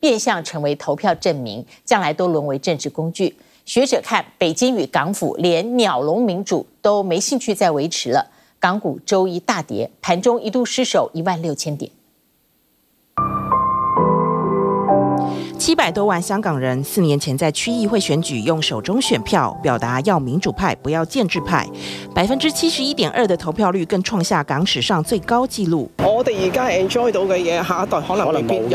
變相成為投票證明，將來都淪為政治工具。學者看，北京與港府連“鳥籠民主”都沒興趣再維持了。港股周一大跌，盤中一度失守一萬六千點。七百多萬香港人四年前在區議會選舉，用手中選票表達要民主派不要建制派，百分之七十一點二的投票率更創下港史上最高紀錄。我哋而家 enjoy 到嘅嘢，下一代可能未必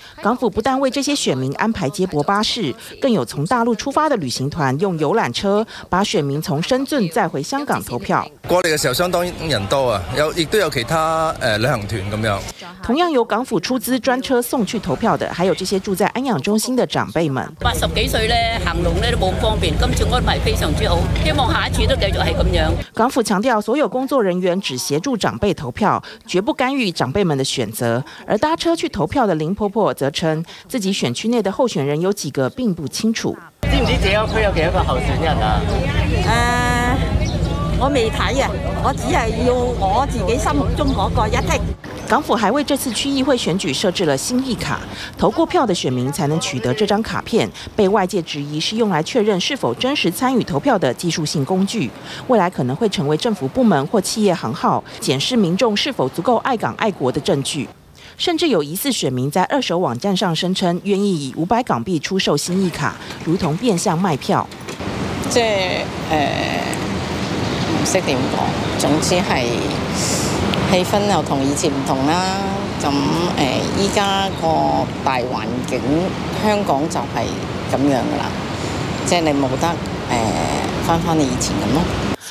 港府不但為這些選民安排接駁巴士，更有從大陸出發的旅行團用遊覽車把選民從深圳載回香港投票。過嚟嘅時候相當人多啊，有亦都有其他誒旅行團咁樣。同樣由港府出資專車送去投票的，還有這些住在安養中心的長輩們。八十幾歲咧，行動咧都冇咁方便，今次安排非常之好，希望下一次都繼續係咁樣。港府強調，所有工作人員只協助長輩投票，絕不干預長輩們的選擇。而搭車去投票的林婆婆則稱自己選區內的候選人有幾個並不清楚。知唔知自由區有幾多個候選人啊？呃，我未睇啊，我只係要我自己心目中嗰個一剔。港府還為這次區議會選舉設置了心意卡，投過票的選民才能取得這張卡片，被外界質疑是用來確認是否真實參與投票的技術性工具，未來可能會成為政府部門或企業行號檢視民眾是否足夠愛港愛國的證據。甚至有疑似選民在二手網站上聲稱願意以五百港幣出售新意卡，如同變相賣票。即誒唔識點講，總之係氣氛又同以前唔同啦，啊。咁誒依家個大環境香港就係咁樣噶啦，即係你冇得誒翻返你以前咁咯。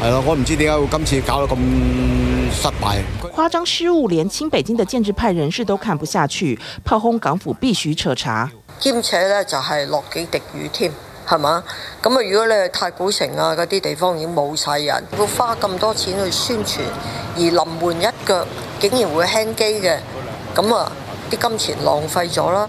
係咯，我唔知點解會今次搞到咁失敗。誇張失誤，連親北京嘅建制派人士都看不下去，炮轟港府必須徹查。兼且呢就係落幾滴雨添，係嘛？咁啊，如果你去太古城啊嗰啲地方已經冇晒人，要花咁多錢去宣傳，而臨門一腳竟然會 hang 機嘅，咁啊啲金錢浪費咗啦。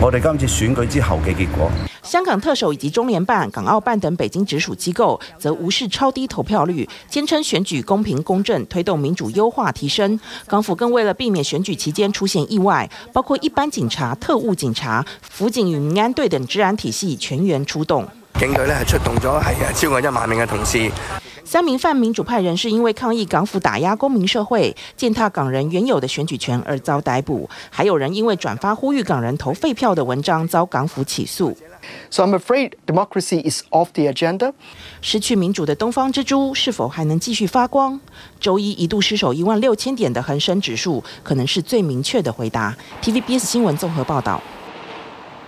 我哋今次選舉之後嘅結果，香港特首以及中聯辦、港澳辦等北京直屬機構則無視超低投票率，堅稱選舉公平公正，推動民主優化提升。港府更為了避免選舉期間出現意外，包括一般警察、特務警察、輔警與民安隊等治安體系全員出動。.警隊咧係出動咗係超過一萬名嘅同事。三名泛民主派人士因為抗議港府打壓公民社會踐踏港人原有的選舉權而遭逮捕，還有人因為轉發呼籲港人投廢票的文章遭港府起訴 So I'm afraid democracy is off the agenda。失去民主的東方之珠是否還能繼續發光？周一一度失守一萬六千點的恆生指數，可能是最明確的回答。TVBS 新聞綜合報道。